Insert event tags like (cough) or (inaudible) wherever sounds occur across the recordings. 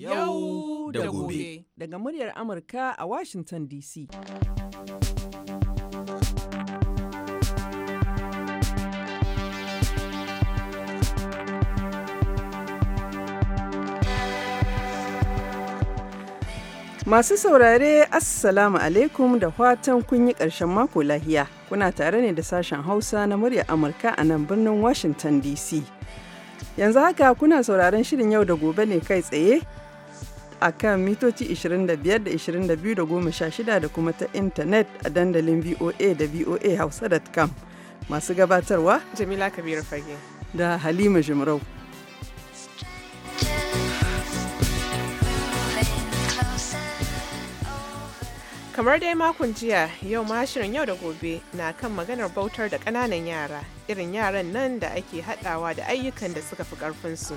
yau da gobe daga muryar amurka a washington dc Masu saurare Assalamu alaikum da fatan kun yi ƙarshen mako lahiya. Kuna tare ne da sashen Hausa na muryar Amurka a nan birnin Washington DC. Yanzu haka kuna sauraron shirin yau da gobe ne kai tsaye a kan mitoci 25 da 22 da 16 da kuma ta intanet a dandalin VOA da voahausa.com. Masu gabatarwa Jamila Kabiru Fage da Halima Jimrau. Kamar dai makon jiya yau ma shirin yau da gobe na kan maganar bautar da kananan yara irin yaran nan da ake hadawa da ayyukan da suka fi ƙarfinsu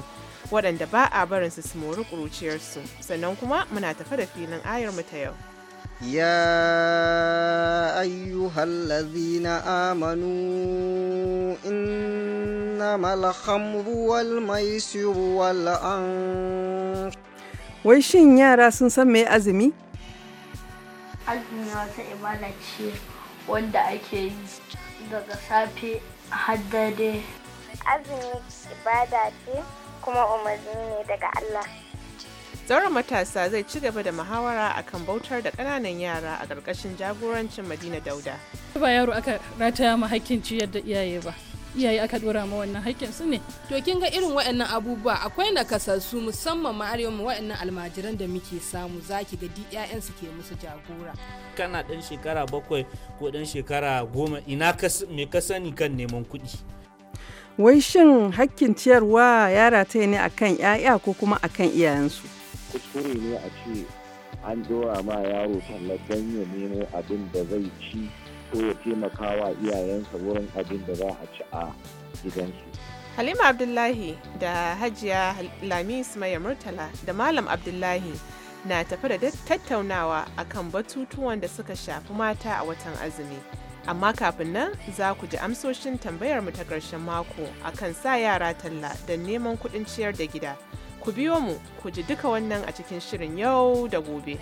waɗanda ba a barinsu su mori ƙuruciyarsu sannan kuma muna tafa da filin ayar mu ta yau. ya amanu أيها الذين آمنوا mai الخمر wal an Wai shin yara sun san mai azumi? azumi wata ibada ce wanda ake yi daga safe har dare azumi ibada ce kuma umarni ne daga Allah Zauren matasa zai ci gaba da muhawara akan bautar da ƙananan yara a ƙarƙashin jagorancin Madina Dauda. Ba yaro aka rataya mu hakkin ciyar da iyaye ba. iyaye aka dora ma wannan haƙƙin su ne to kin ga irin waɗannan abubuwa akwai nakasassu musamman ma arewa waɗannan almajiran da muke samu zaki ga ƴaƴan su ke musu jagora kana ɗan shekara bakwai ko ɗan shekara goma ina me ka sani kan neman kuɗi wai shin hakkin ciyarwa ya rataye ne akan 'ya'ya ko kuma akan iyayensu kuskure ne a ce an dora ma yaro sannan don ya nemo abin da zai ci so ya taimaka wa iyayensa wurin abin da za a ci a gidansu. Halima Abdullahi da Hajiya Lami Ismail Murtala da Malam Abdullahi na tafi da tattaunawa akan batutuwan da suka shafi mata a watan azumi. Amma kafin nan za ku ji amsoshin tambayar mu ta ƙarshen mako akan sa yara talla don neman kuɗin ciyar da gida. Ku biyo mu ku ji duka wannan a cikin shirin yau da gobe.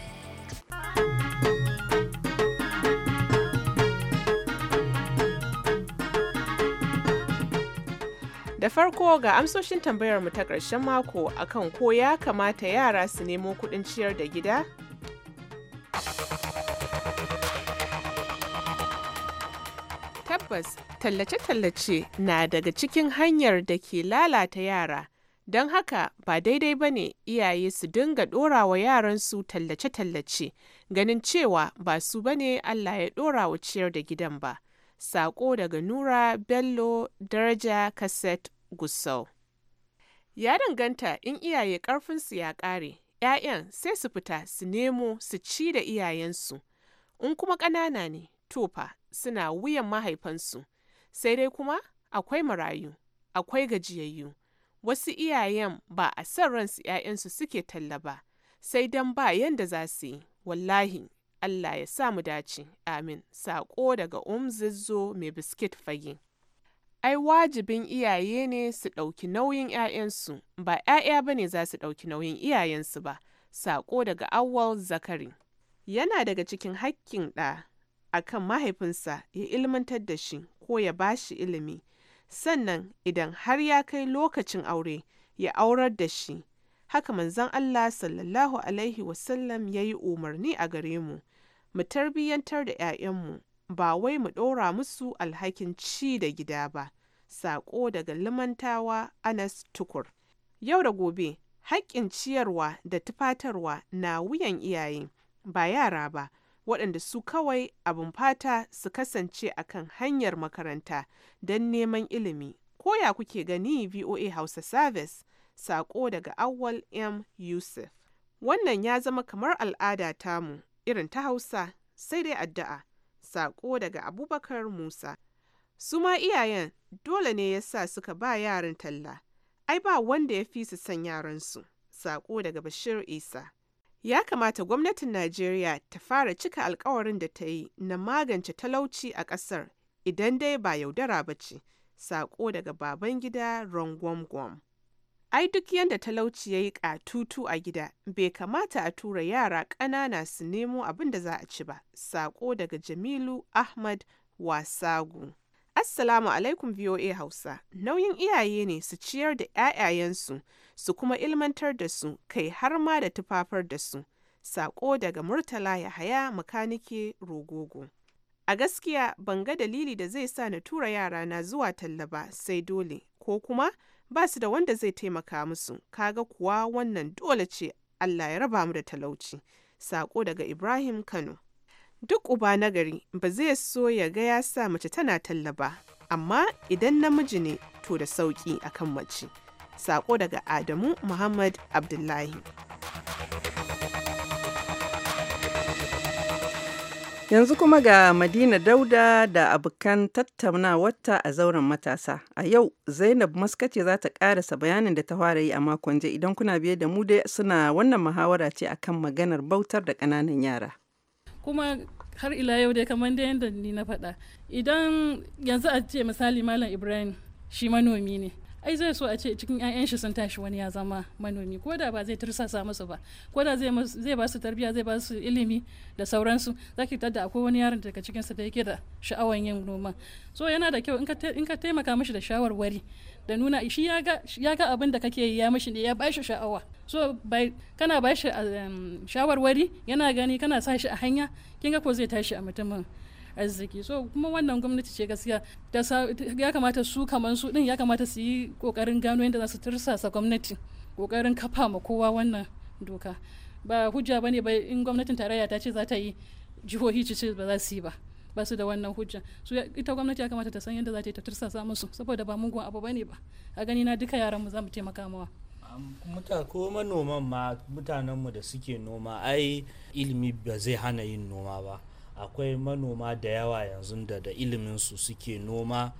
Da farko ga amsoshin tambayar mu ta ƙarshen mako akan ko ya kamata yara su nemo kuɗin ciyar da gida? Tabbas, tallace-tallace na daga cikin hanyar da ke lalata yara. Don haka ba daidai ba ne iyaye su dinga ɗora wa yaransu tallace-tallace ganin cewa ba su ba ne Allah ya ɗora wa ciyar da gidan ba. Sako daga Nura Bello Daraja Kaset Gusau. Ya danganta in iyaye ƙarfinsu ya ƙare, ‘ya'yan sai su fita su nemo su ci da iyayensu, in kuma ƙanana ne, tofa suna wuyan mahaifansu, sai dai kuma akwai marayu, akwai gajiyayyu. Wasu iyayen ba a san ransu ‘ya'yansu suke talla ba, sai don ba yanda za su yi, wallahi Allah ya sa mu dace, amin, saƙo daga umzizzo mai biskit fage. Ai wajibin iyaye ne su ɗauki nauyin 'ya'yansu, ba 'ya'ya ba ne za su ɗauki nauyin iyayensu ba, saƙo daga awwal zakari. Yana daga cikin hakkin ɗa a kan mahaifinsa ya ilmantar da shi ko ya ba shi ilimi, sannan idan har ya kai lokacin aure ya aurar da shi. Haka manzon Allah sallallahu Alaihi wasallam ya yi umarni a gare mu. mu tarbiyyantar da 'ya'yanmu ba wai mu ɗora musu alhakin ci da gida ba. Saƙo daga Limantawa Anas Tukur. Yau da gobe, haƙƙin ciyarwa da tufatarwa na wuyan iyaye, ba yara ba, waɗanda su kawai abin fata su kasance a kan hanyar makaranta don neman ilimi. Ko ya kuke gani VOA Hausa Service, Saƙo daga Awwal M. Yusuf. Wannan ya zama kamar al'ada tamu. irin ta Hausa sai dai addu'a. saƙo daga Abubakar Musa. Su ma iyayen dole ne ya sa suka ba yaran talla. Ai ba wanda ya fi su san yaransu. Saƙo daga Bashir Isa. Ya kamata gwamnatin Najeriya ta fara cika alkawarin da ta yi na magance talauci a ƙasar idan dai ba yaudara ba ce. Saƙo daga baban Babangida Rangwamgwam. Ai duk yadda talauci ya yi ƙatutu a gida, bai kamata a tura yara ƙanana su nemo abin da za a ci ba. Saƙo daga Jamilu Ahmad Wasagu. Assalamu alaikum VOA Hausa. Nauyin iyaye ne su ciyar da 'ya'yayensu, su kuma ilmantar da su, kai har ma da tufafar da su. Saƙo daga Murtala Yahaya Makanike Rogogo. A gaskiya ban ga dalili da zai sa na tura yarana zuwa talla ba sai dole, ko kuma ba su da wanda zai taimaka musu kaga kuwa wannan dole ce Allah ya raba mu da talauci sako daga Ibrahim Kano duk uba nagari ba zai so ya ga ya sa mace tana talla ba amma idan namiji ne to da sauki akan mace sako daga Adamu Muhammad Abdullahi Yanzu kuma ga Madina Dauda da abokan tattaunawarta a zauren matasa. A yau Zainab Maskace za ta karasa bayanin da ta fara yi a makon jiya idan kuna biye da mu dai suna wannan muhawara ce akan maganar bautar da kananan yara. Kuma har ila yau dai kamar da yadda ni na faɗa. Idan yanzu a ce misali Malam Ibrahim shi manomi ne. ai zai so a ce cikin 'ya'yan shi sun tashi wani ya zama manomi ko da ba zai tursasa masu ba ko da zai ba su tarbiya zai ba su ilimi da sauransu zaki tada akwai wani yaron daga cikin su da yake da sha'awar yin noma so yana da kyau in ka taimaka mishi da shawarwari da nuna shi ya ga abin da kake yi ya mishi ne ya bashi sha'awa so kana bashi um, shawarwari yana gani kana sa shi a hanya kinga ko zai tashi a mutumin arziki so kuma wannan gwamnati ce gaskiya ya kamata su kamar su din ya kamata su yi kokarin gano yadda za su tursasa gwamnati kokarin kafa ma kowa wannan doka ba hujja bane ba in gwamnatin tarayya ta ce za ta yi jihohi ce ba za su yi ba ba su da wannan hujja su ita gwamnati ya kamata ta san yadda za ta yi ta tursasa musu saboda ba mugun abu bane ba a gani na duka yaran mu za mu taimaka mawa ko manoman ma mutanen mu da suke noma ai ilimi ba zai hana yin noma ba akwai manoma da yawa yanzu da da ilimin su suke noma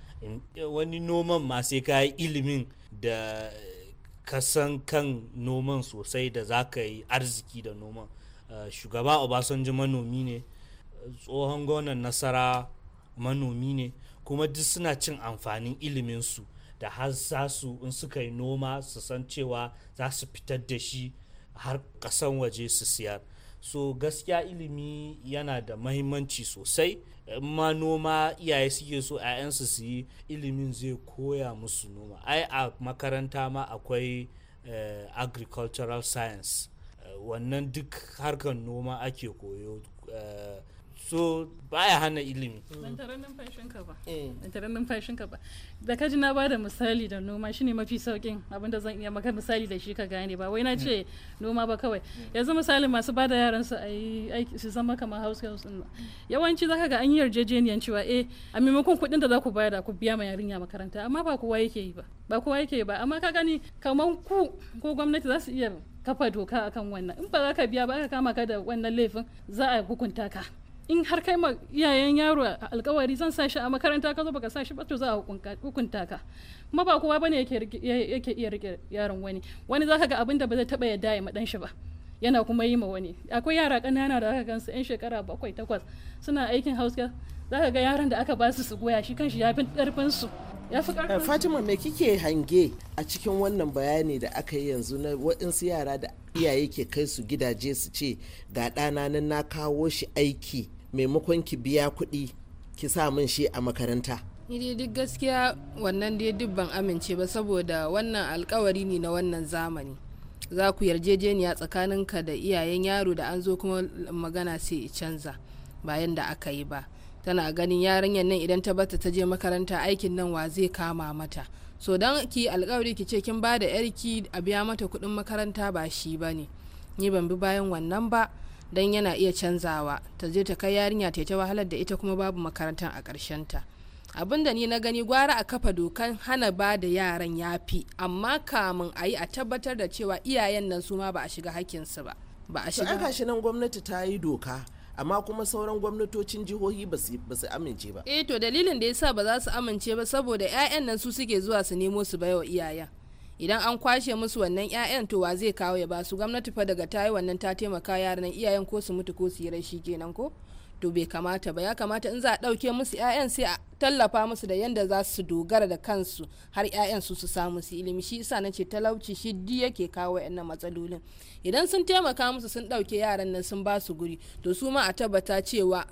wani noman ma sai ka yi ilimin da kasan kan noman sosai da za ka yi arziki da noman eh, shugaba obasanjo manomi ne tsohon gwamnan nasara manomi ne kuma duk suna cin amfanin iliminsu da har za su in suka yi noma su san cewa za su fitar da shi har kasan waje su siyar so gaskiya ilimi yana da mahimmanci sosai ma noma iyaye suke so 'ya'yansu su yi ilimin zai koya musu noma ai a makaranta ma akwai eh, agricultural science eh, wannan duk harkar noma ake koyo eh, so baya hana ilimi ban taron numfashinka ba eh. ban taron numfashinka ba da kaji na bada misali da noma shine mafi saukin abinda zan iya maka misali da shi ka gane ba wai na ce noma ba kawai yanzu misali masu bada yaran su ai su zama kamar house girls din yawanci zaka ga an yi yarjejeniyan cewa eh a maimakon kuɗin da za ku bayar da ku biya ma yarinya makaranta amma ba kowa yake yi ba ba kowa yake yi ba amma ka gani kamar ku ko gwamnati za su iya kafa doka akan wannan in ba za ka biya ba aka kama ka da wannan laifin za a hukunta ka in har kai ma iyayen yaro alkawari zan sa shi a makaranta ka zo baka sa shi ba to za a hukunta ka kuma ba kowa bane yake yake iya rike yaron wani wani zaka ga abin da ba zai taba yadda ya madan shi ba yana kuma yi ma wani akwai yara ƙanana da aka gansu yan shekara bakwai takwas suna aikin hausa zaka ga yaran da aka ba su su goya shi kanshi ya fi karfin su Fatima me kike hange a cikin wannan bayani da aka yi yanzu na waɗansu yara da iyaye ke kai su gidaje su ce ga ɗana nan na kawo shi aiki maimakon ki biya kuɗi ki sa min shi a makaranta ni duk gaskiya wannan dai duk ban amince ba saboda wannan alkawari ne na wannan zamani za ku yarjejeniya ka da iyayen yaro da an zo kuma magana sai canza bayan da aka yi ba tana ganin yarinyar nan idan ta bata ta je makaranta aikin nan wa zai kama mata so don ki alkawari ki ce kin ba da yarki a biya mata kuɗin makaranta ba shi ba ne ni ban bi bayan wannan ba don yana iya canzawa ta je ta kai yarinya ta ta wahalar da ita kuma babu makarantar a ta abin da ni na gani gwara a kafa dokan hana ba da yaran yafi amma kamun a yi a tabbatar da cewa iyayen nan su ma ba a shiga hakinsu ba ba a shiga gashi nan gwamnati ta yi doka amma kuma sauran gwamnatocin jihohi ba su amince ba eh to dalilin da ya sa ba za su amince ba saboda 'ya'yan nan su suke zuwa su nemo su baiwa iyayen idan an kwashe musu wannan 'ya'yan to wa zai kawo ya basu gwamnati fa daga tayi wannan ta taimaka yaran iyayen ko su mutu ko su yi rashi kenan ko to bai kamata ba ya kamata in za a ɗauke musu 'ya'yan sai a tallafa musu da yanda za su dogara da kansu har 'ya'yan su su samu su ilimi shi isa na ce talauci shi duk yake kawo wa'annan matsalolin idan sun taimaka musu sun ɗauke yaran nan sun ba su guri to su ma a tabbata cewa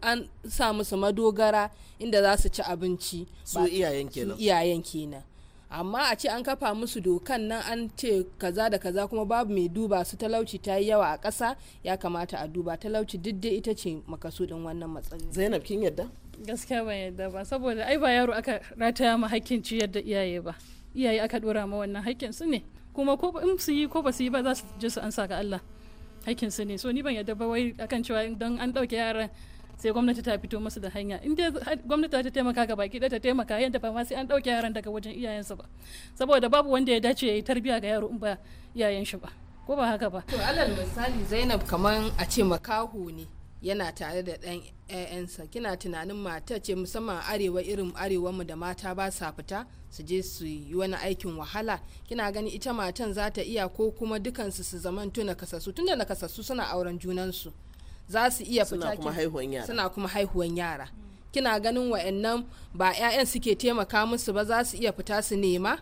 an sa musu madogara inda za su ci abinci su iyayen kenan amma a ce an kafa musu dokan nan an ce kaza da kaza kuma babu mai duba su talauci ta yi yawa a ƙasa ya kamata a duba talauci diddai ita ce makasudin wannan matsayi. zainab kin yadda gaskiya ban yadda ba saboda ai ba yaro aka rataya ma hakkin ci yadda iyaye ba iyaye aka dora ma wannan hakkin su ne kuma ko in su yi ko ba su yi ba za su je su ansa ga Allah hakkin su ne so ni ban yadda ba wai akan cewa dan an dauke yaran sai gwamnati ta fito masu da hanya in gwamnati ta taimaka ga baki ta taimaka yadda ba ma sai an ɗauke yaran daga wajen iyayensu ba saboda babu wanda ya dace ya yi tarbiya ga yaro in ba iyayen shi ba ko ba haka ba to alal misali Zainab kaman a ce makaho ne yana tare da ɗan ƴaƴansa kina tunanin mata ce musamman arewa irin arewa mu da mata ba sa fita su je su yi wani aikin wahala kina gani ita matan za ta iya ko kuma dukansu su zaman tuna kasassu tunda na kasassu suna auren junansu za su iya fita suna kuma haihuwan yara kina ganin wa'annan ba 'ya'yan suke taimaka musu ba za su iya fita su nema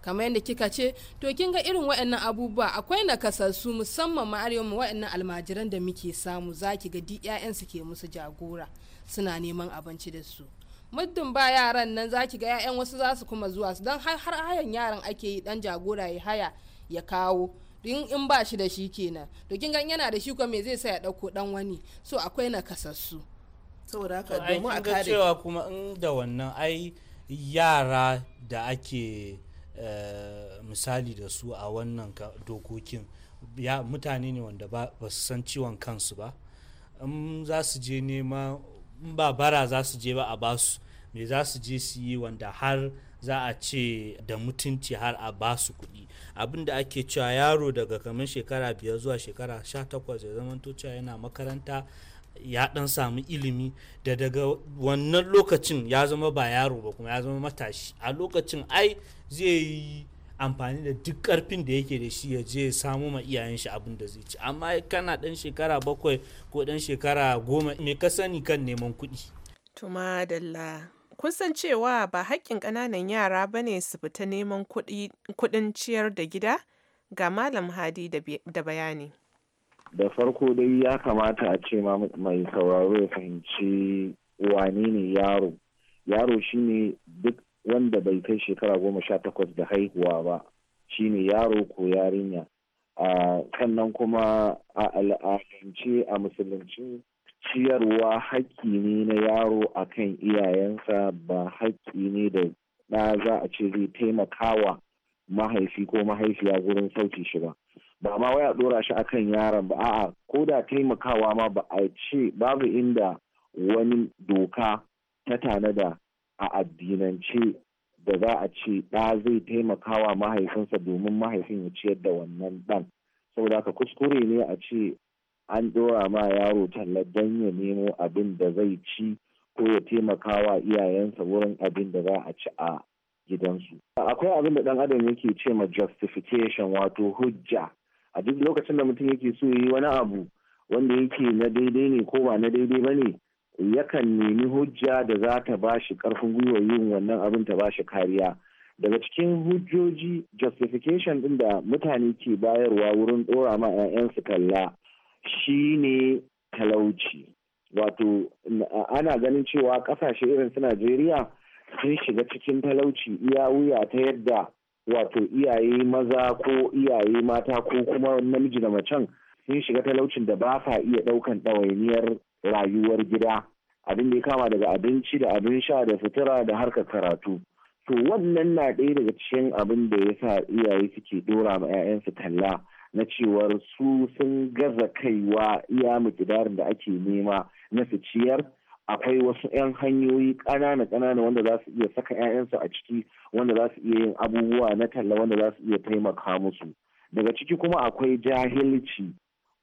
kamar yadda kika ce to kin ga irin wa'annan abubuwa akwai nakasassu musamman ma arewa mu wa'annan almajiran da muke samu zaki ga di 'ya'yan su musu jagora suna neman abinci da su muddin ba yaran nan zaki ga 'ya'yan wasu za su kuma zuwa su don har hayan yaran ake yi dan jagora ya haya ya kawo in in ba shi da shi kenan to kin gan yana da shi kuma me zai sa ya dauko dan wani so akwai nakasassu saboda haka domin a kare cewa kuma in da wannan ai yara da ake eh, misali da su a wannan dokokin ya mutane ne wanda ba su san ciwon kansu ba in za su je nema in ba bara za su je ba a basu me za su je su yi wanda har za a ce da mutunci har a basu kuɗi abin da ake cewa yaro daga kamar shekara biyar zuwa shekara sha takwas ya zama cewa yana makaranta ya dan samu ilimi da daga wannan lokacin ya zama ba yaro ba kuma ya zama matashi a lokacin ai zai yi amfani da duk karfin da yake da shi ya je ya samu ma iyayen shi abin da zai ci amma kana dan shekara bakwai ko dan shekara goma me ka sani kan neman kuɗi tuma dalla kun san cewa ba haƙƙin ƙananan yara ba ne su fita neman kuɗin ciyar da gida ga Malam Hadi da bayani. Da farko dai ya kamata a ce mai sauraro ya fahimci wane ne yaro. Yaro shine duk wanda bai kai shekara goma sha takwas da haihuwa ba shine yaro ko yarinya. a sannan kuma a al'adance a musulunci ciyarwa haƙƙi ne na yaro a kan iyayensa ba haƙƙi ne da ɗa za a ce zai taimakawa mahaifi ko mahaifiya gurin sauki shi ba ba ma waya ɗora shi akan yaron ba a'a ko da taimakawa ma ba a ce babu inda wani doka ta tanada a addinance da za a ce ɗa zai taimakawa mahaifinsa domin mahaifin ya ciyar da wannan ɗan saboda haka kuskure ne a ce an dora ma yaro talla don ya nemo abin da zai ci ko ya taimaka wa iyayensa wurin abin da za a ci a gidansu. Akwai abin da ɗan adam yake ce ma justification wato hujja. A duk lokacin da mutum yake so yi wani abu wanda yake na daidai ne ko ba na daidai ba ne yakan nemi hujja da za ta ba shi ƙarfin gwiwa yin wannan abin ta ba shi kariya. Daga cikin hujjoji justification ɗin da mutane ke bayarwa wurin ɗora ma 'ya'yansu talla Shi ne talauci wato ana ganin cewa kasashe irin su najeriya sun shiga cikin talauci iya wuya ta yadda wato iyaye maza ko iyaye mata ko kuma namiji da macen sun shiga talaucin da ba sa iya ɗaukan ɗawainiyar rayuwar gida abin da ya kama daga abinci da abin sha da sutura da harkar karatu to wannan na ɗaya daga cikin abin da ya sa iyaye suke ɗora ma 'ya'yansu talla na cewar su sun gaza kaiwa iya mikidarin da ake nema na su ciyar akwai wasu 'yan hanyoyi ƙanana-ƙanana wanda za su iya saka 'ya'yansu a ciki wanda za su iya yin abubuwa na talla wanda za su iya taimaka musu daga ciki kuma akwai jahilci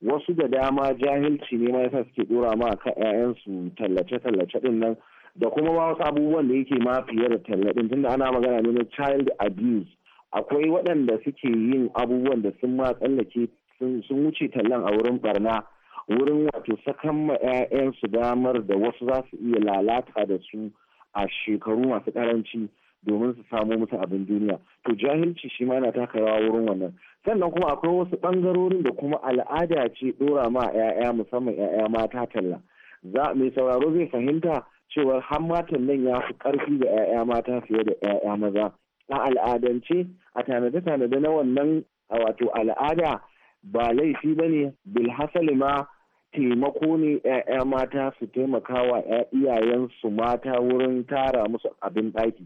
wasu da dama jahilci ne ma yasa suke dora ma kan 'ya'yansu tallace-tallace din nan da kuma ma wasu abubuwan da yake ma da talla din tunda ana magana ne na child abuse akwai waɗanda suke yin abubuwan da sun ma tsallake sun wuce tallan a wurin barna wurin wato sakan ma 'ya'yansu damar da wasu za su iya lalata da su a shekaru masu karanci domin su samo musu abin duniya to jahilci shi ma na taka rawa wurin wannan sannan kuma akwai wasu bangarorin da kuma al'ada ce dora ma 'ya'ya musamman 'ya'ya mata talla za mai sauraro zai fahimta cewa har matan nan ya fi karfi ga 'ya'ya mata fiye da 'ya'ya maza a al'adance a tanade-tanade na wannan wato al'ada ba laifi ba ne bilhassali ma taimako ne 'ya'ya mata su taimaka wa iyayensu mata wurin tara musu abin ɗaki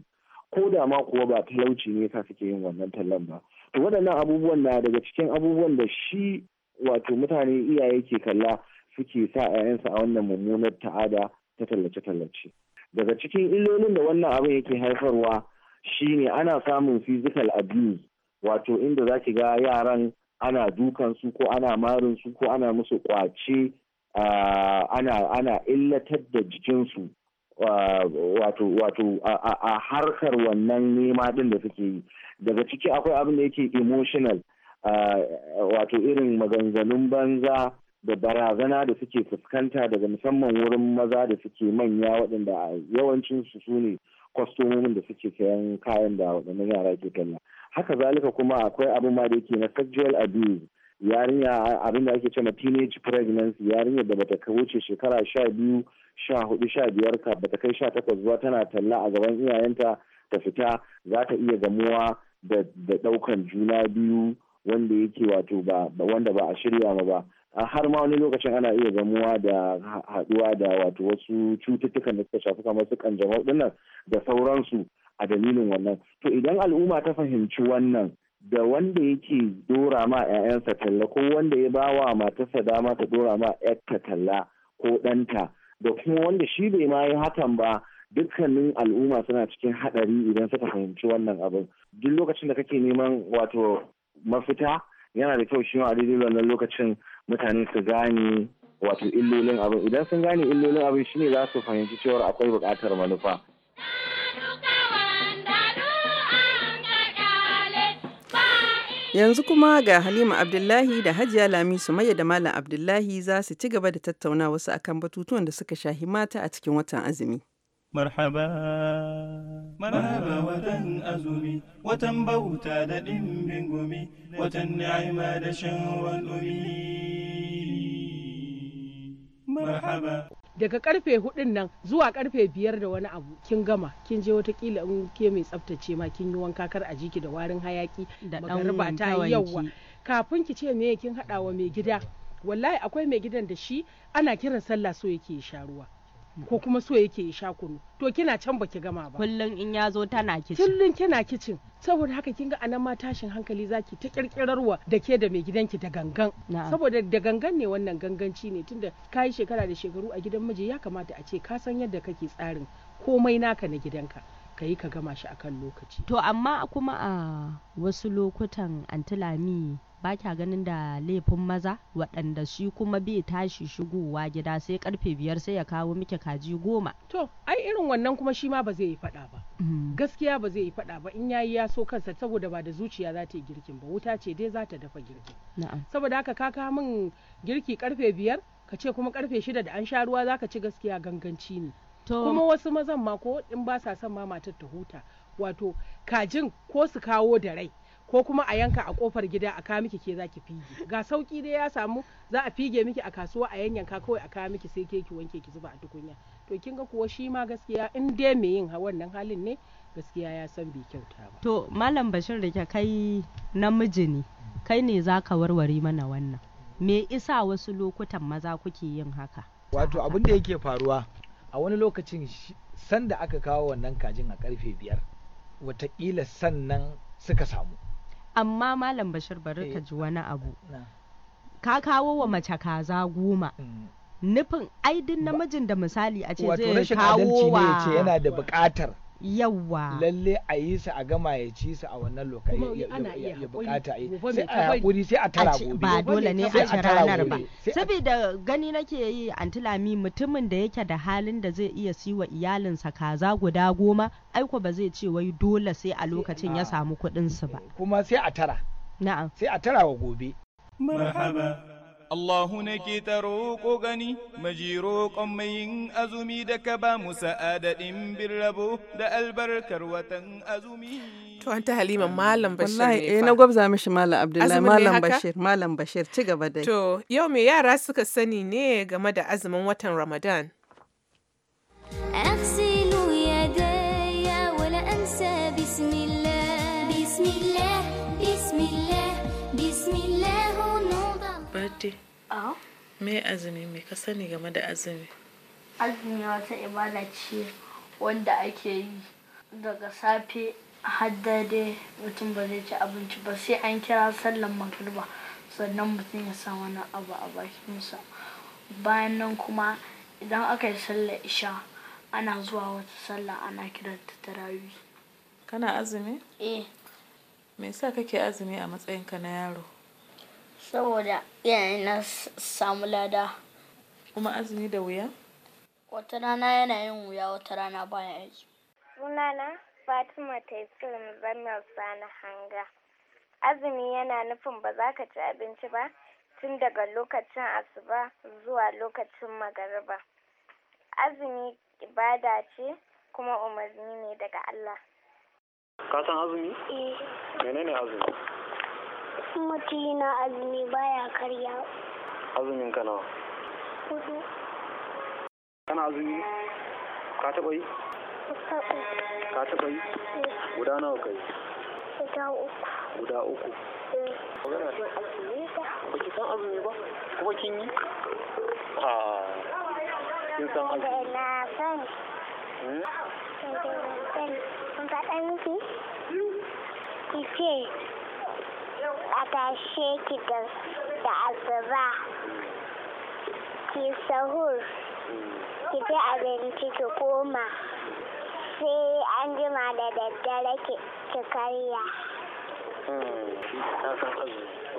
ko da ma kuwa ba talauci ne sa suke yin wannan tallan ba to waɗannan abubuwan na daga cikin abubuwan da shi wato mutane iyaye ke kalla suke sa 'ya'yansu a wannan mummunar ta'ada ta tallace-tallace daga cikin illolin da wannan abin yake haifarwa shine ana samun physical abuse wato inda za ki ga yaran ana dukan su ko ana marin su ko ana musu kwace ana illatar da jikinsu wato wato a harkar wannan nema din da suke yi daga ciki akwai abin da yake emotional wato irin maganganun banza da barazana da suke fuskanta daga musamman wurin maza da suke manya waɗanda yawancinsu su ne kwastomomin da suke sayan kayan da waɗannan yara ke talla haka zalika kuma akwai abin ma da yake na sexual abuse yarinya abin da ake cewa teenage pregnancy yarinya da bata kai wuce shekara sha biyu sha hudu sha biyar ka bata kai sha takwas zuwa tana talla a gaban iyayenta ta fita za ta iya gamuwa da ɗaukan juna biyu wanda yake wato ba wanda ba a shirya ma ba har ma wani lokacin ana iya gamuwa da haduwa da wato wasu cututtukan da suka shafi kamar su kanjamau dinnan da sauransu a dalilin wannan to idan al'umma ta fahimci wannan da wanda yake dora ma 'ya'yansa talla ko wanda ya bawa matarsa dama ta dora ma 'yarta talla ko ɗanta da kuma wanda shi bai ma yi hakan ba dukkanin al'umma suna cikin haɗari idan suka fahimci wannan abin duk lokacin da kake neman wato mafita yana da kyau shi ma a daidai wannan lokacin mutane su gane wato illolin abin idan sun gane illolin abin shine za su fahimci cewar akwai buƙatar manufa yanzu kuma ga halima abdullahi da hajiya lami maye da malam abdullahi za su ci gaba da tattauna wasu akan batutuwan da suka shahi mata a cikin watan azumi مرحبا مرحبا وتن azumi watan bauta da ɗimbin وتن watan ni'ima da shan daga karfe hudun nan zuwa karfe biyar da wani abu kin gama kin je watakila in ke mai tsaftace ma kin yi wanka kar a jiki da warin hayaki da dan ta yawa kafin ki ce me kin hada wa mai gida wallahi akwai mai gidan da shi ana kiran sallah so yake sha ruwa ko kuma so yake ya sha kunu to kina can baki gama ba kullum in ya zo tana kicin kullum kina kicin saboda haka kin ga anan ma tashin hankali zaki ta kirkirarwa da ke da mai gidanki da gangan saboda da gangan ne wannan ganganci ne tunda kayi shekara da shekaru a gidan miji ya kamata a ce ka san yadda kake tsarin komai naka na gidanka ka yi ka gama shi akan lokaci to amma kuma a wasu lokutan antilami ba kya ganin da laifin maza waɗanda shi kuma bai tashi shigowa gida sai karfe biyar sai ya kawo miki kaji goma to ai irin wannan kuma shi ma ba zai yi faɗa ba mm. gaskiya ba zai yi faɗa ba in yayi ya so kansa saboda ba da zuciya za ta yi girkin ba wuta ce dai za ta dafa girkin saboda haka ka kawo min girki karfe biyar ka ce kuma karfe shida da an sha ruwa za ka ci gaskiya ganganci ne kuma wasu mazan ma ko in ba sa son ma matar ta huta wato kajin ko su kawo da rai ko kuma a yanka a kofar gida a kawo miki ke za ki fige ga sauki dai ya samu za a fige miki a kasuwa a yanyanka kawai a kawo miki sai ke ki wanke ki zuba a tukunya to kin ga kuwa shi ma gaskiya in dai me yin wannan halin ne gaskiya ya san bai kyauta ba to malam bashir da kai namiji ne kai ne za ka warware mana wannan me isa wasu lokutan maza kuke yin haka wato abin da yake faruwa a wani lokacin sanda aka kawo wannan kajin a karfe biyar watakila sannan suka samu amma malam bashir bari eh, ka ji wani abu ka kawo wa mace kaza goma mm. nufin aidin namijin da misali a ce zai kawo wa yana da bukatar yawa lalle a yi sa a gama ya ci sa a wannan lokaci ya bukata yi sai a hakuri sai a tara gobe ba dole ne a ci ranar ba saboda gani nake yi antilami mutumin da yake da halin da zai iya siwa iyalinsa kaza guda goma aiko ba zai ce wai dole sai a lokacin ya samu kuɗinsu ba kuma sai a tara na'am sai a tara wa gobe marhaba Allahu ke ta roƙo gani, majiro roƙon mayin azumi da ka ba mu sa'adaɗin bin rabo da albarkar watan azumi. To an ta halima Malam Bashir ne eh na gwabza mishi Malam Abdullahi Malam Bashir Malam Bashir ci gaba dai. To yau me yara suka sani ne game da azumin watan Ramadan? Siddi. Me azumi me ka sani game da azumi? Azumi wata ibada ce wanda ake yi daga safe har dare mutum ba zai ci abinci ba sai an kira sallan magriba sannan mutum ya sa wani abu a bakinsa. Bayan nan kuma idan aka yi sallar isha ana zuwa wata sallah ana kiranta tarawih. Kana azumi? Eh. Me yasa kake azumi a matsayinka na yaro? saboda 'ya'yana na samu lada kuma azumi da wuya wata rana yana yin wuya wata rana baya yi sunana fatima ta taifil muzammil sana hanga azumi yana nufin ba za ka ci abinci ba tun daga lokacin asuba zuwa lokacin magariba azumi ibada ce kuma umarni ne daga allah ka san azumi? Eh. menene azumi mutum yana azumi baya karya azumin ka nawa kana azumi ka taɓa yi ka taɓa yi guda nawa kai guda uku guda uku ba ki san azumi ba kuma kin yi ha kin san azumi na hmm? san kun faɗa miki ki ce a tashe ki da asuba ki sahur ki ci abinci ki koma sai an jima da daddare ki karya da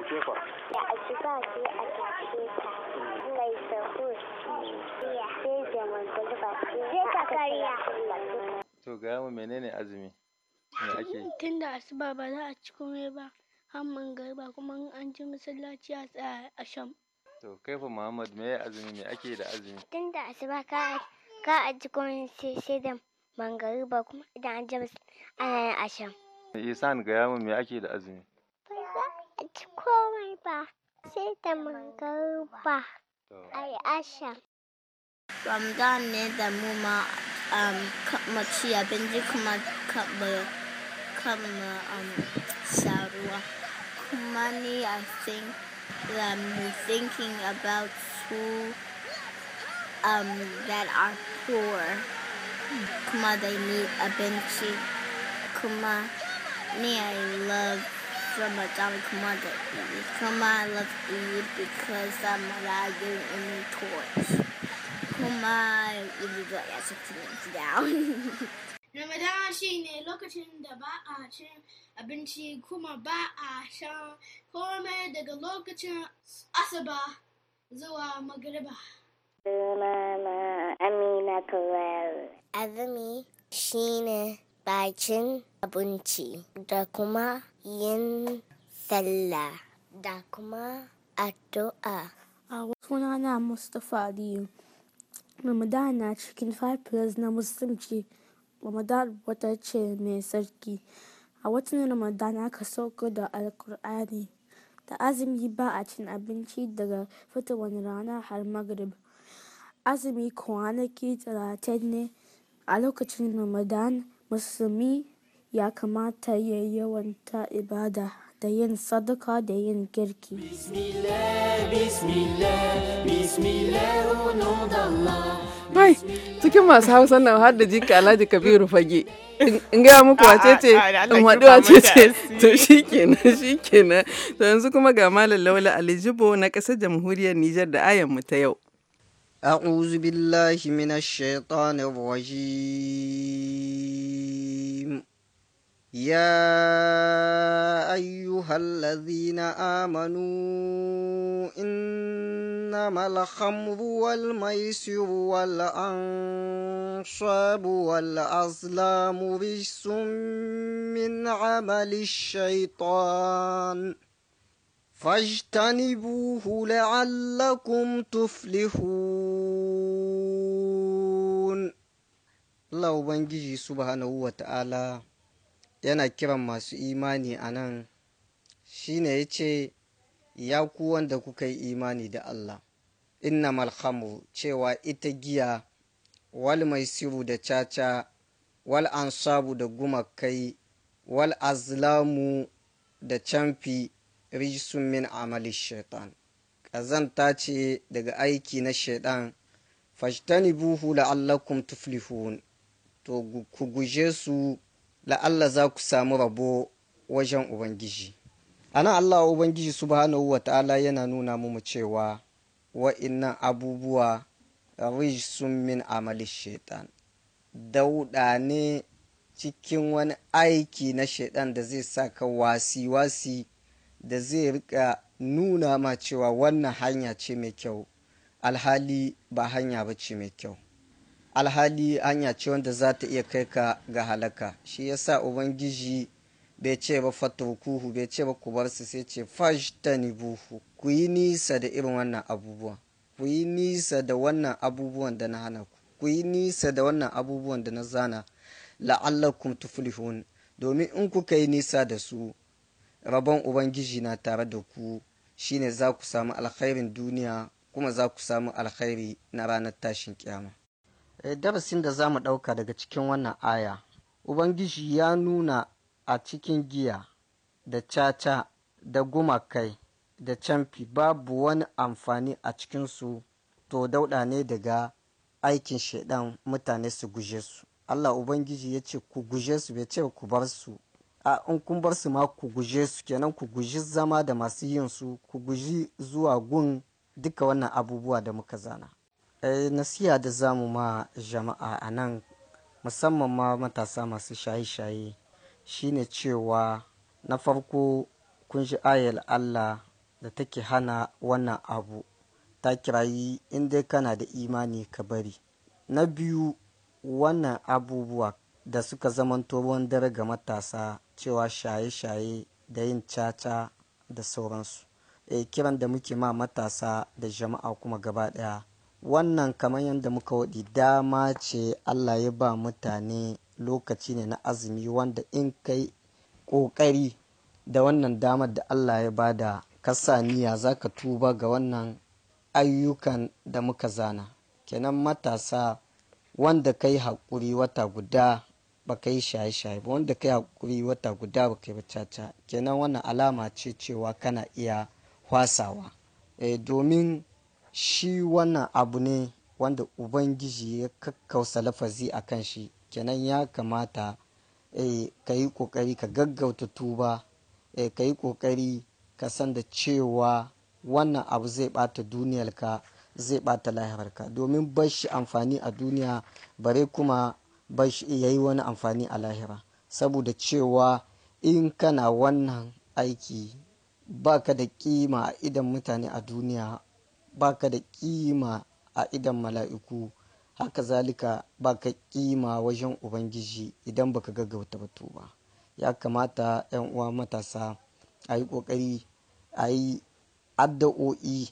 asuba sai a tashe ta mai sahur sai da magariba sai ka karya to ga mu menene azumi Tun da asuba ba za a ci komai ba har mangariba kuma in an je masallaci a tsaya a sham. To kai fa Muhammad me azumi me ake da azumi? Tun da asuba ka ka aji komai sai sai da mangariba kuma idan an je ana yin asham. Isan ga ma me ake da azumi? Ba za a ci komai ba sai da mangariba. Ai asham. Ramadan ne da mu ma um, mu ci abinci kuma kaɓa camera on Sarwa Kumani. I think that I'm um, thinking about who um, that are poor. Kuma, they need a benchi. Kuma, me, I love from a Jolly Kuma to Eid. Kuma, I love Eid because I'm um, not to any toys. Kuma, you do that, I should down. (laughs) Ramadan shine lokacin da ba a cin abinci kuma ba a shan komai daga lokacin asuba zuwa magriba. Mama Amina Kowal. Azumi shine bacin abinci da kuma yin sallah da kuma addu'a. A sunana Mustapha Aliyu. Ramadan na cikin 5 na Musulunci. Ramadan wata ce mai sarki. A watan Ramadan aka sauko da Alkur'ani. Da azumi ba a cin abinci daga fitowar rana har Maghrib. Azumi kwanaki talatin ne. A lokacin Ramadan musulmi ya kamata ya yawanta ibada. da sadaka da girki. Bismillah, bismillah, bismillah o Allah. Bai, cikin masu hausa nan har da jika Alhaji Kabiru fage. In gaya muku wace ce, in waɗi wace ce, to shi kenan, shi kenan. To yanzu kuma ga Malam Laula Alijibo na ƙasar jamhuriyar Nijar da ayanmu ta yau. أعوذ بالله من الشيطان الرجيم يا أيها الذين آمنوا إنما الخمر والميسر والأنصاب والأزلام رجس من عمل الشيطان فاجتنبوه لعلكم تفلحون الله Ubangiji سبحانه وتعالى ta'ala yana kiran masu imani a nan shi ne ya ce ya ku wanda kuka yi imani da Allah inna malhamu cewa ita giya wal siru da caca wal ansabu da kai wal azlamu da camfi rijisun min amali shaitan ƙazanta ce daga aiki na shaitan buhu la'allakum tuflihun to ku guje su la'alla za ku samu rabo wajen ubangiji a nan allah ubangiji subhanahu wa ta'ala yana nuna mu cewa wa'innan abubuwa rijsun min amali shaitan dauda ne cikin wani aiki na shaiɗan da zai saka wasi-wasi da zai rika nuna ma cewa wannan hanya ce mai kyau alhali ba hanya ba ce mai kyau alhali hanya ce wanda za ta iya kai ka ga halaka shi yasa ubangiji bai ce ba fatrukuhu bai ce ba ku bar su sai ce buhu ku yi nisa da irin wannan abubuwan ku yi nisa da wannan abubuwan da na hana ku ku yi nisa da wannan abubuwan da na zana la'allakum tuflihun domin in kuka yi nisa da su rabon ubangiji na tare da ku shine za ku samu alkhairin duniya kuma za ku samu alkhairi na ranar tashin kyama eh, darasin da za mu ɗauka daga cikin wannan aya ubangiji ya nuna a cikin giya da caca da gumakai da camfi babu wani amfani a cikinsu to dauɗa ne daga aikin shaidan mutane su guje su allah ubangiji ya ce ku guje su bai ce ku bar su a in kun bar su ma ku guje su kenan ku guji zama da masu yin su ku guji zuwa gun duka wannan abubuwa da muka zana e, eh, nasiya da zamu ma jama'a a nan musamman ma matasa masu shaye-shaye shine cewa na farko kun shi ayar Allah da take hana wannan abu ta kirayi in dai kana da imani ka bari na biyu wannan abubuwa da suka zaman ruwan dare ga matasa cewa shaye-shaye da yin caca da sauransu e kiran da muke ma matasa da jama'a kuma gaba daya wannan kamar yadda muka waɗi dama ce allah ya ba mutane lokaci ne na azumi wanda in kai ƙoƙari da wannan damar da Allah ya bada kasaniya za ka tuba ga wannan ayyukan da muka zana kenan matasa wanda kai haƙuri wata guda ba ka yi shaye-shaye ba wanda kai haƙuri wata guda ba ka yi caca kenan wannan alama ce cewa kana iya hwasawa e, domin shi wannan abu ne wanda ubangiji ya kakkausa lafazi a kan shi kenan ya kamata eh, ka yi ƙoƙari ka gaggauta tuba eh, ka yi ƙoƙari ka san da cewa wannan abu zai ɓata duniyarka zai ɓata lahirarka domin bashi amfani a duniya bare kuma bashi ya yi wani amfani a lahira saboda cewa in kana wannan aiki baka da kima a idan mutane a duniya baka da kima a idan mala'iku haka zalika ba ka kima wajen ubangiji idan baka gaggauta batu ba ya kamata 'yan uwa matasa a yi ƙoƙari a yi addu'o'i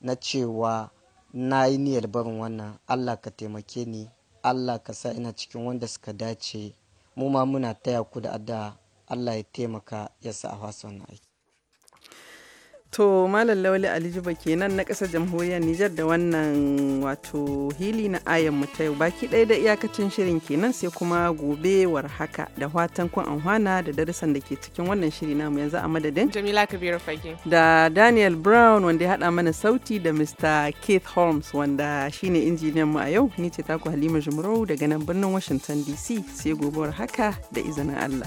na cewa na yi niyyar barin wannan allah ka taimake ni allah ka sa ina cikin wanda suka dace mu ma muna taya ku da addu'a allah ya taimaka ya sa a fasa wannan aiki To Malam Lawali Alijiba kenan na ƙasar jamhuriyar Nijar da wannan wato hili na ayan mu ta yau baki ɗaya da iyakacin shirin kenan sai kuma gobe war haka da watan kun anhwana da darusan da ke cikin wannan shiri namu yanzu a madadin. Jamila Kabiru Fage. Da Daniel Brown wanda ya haɗa mana sauti da Mr. Keith Holmes wanda shine injiniyan mu a yau ni ce taku Halima Jumrau daga nan birnin Washington DC sai gobe war haka da izinin Allah.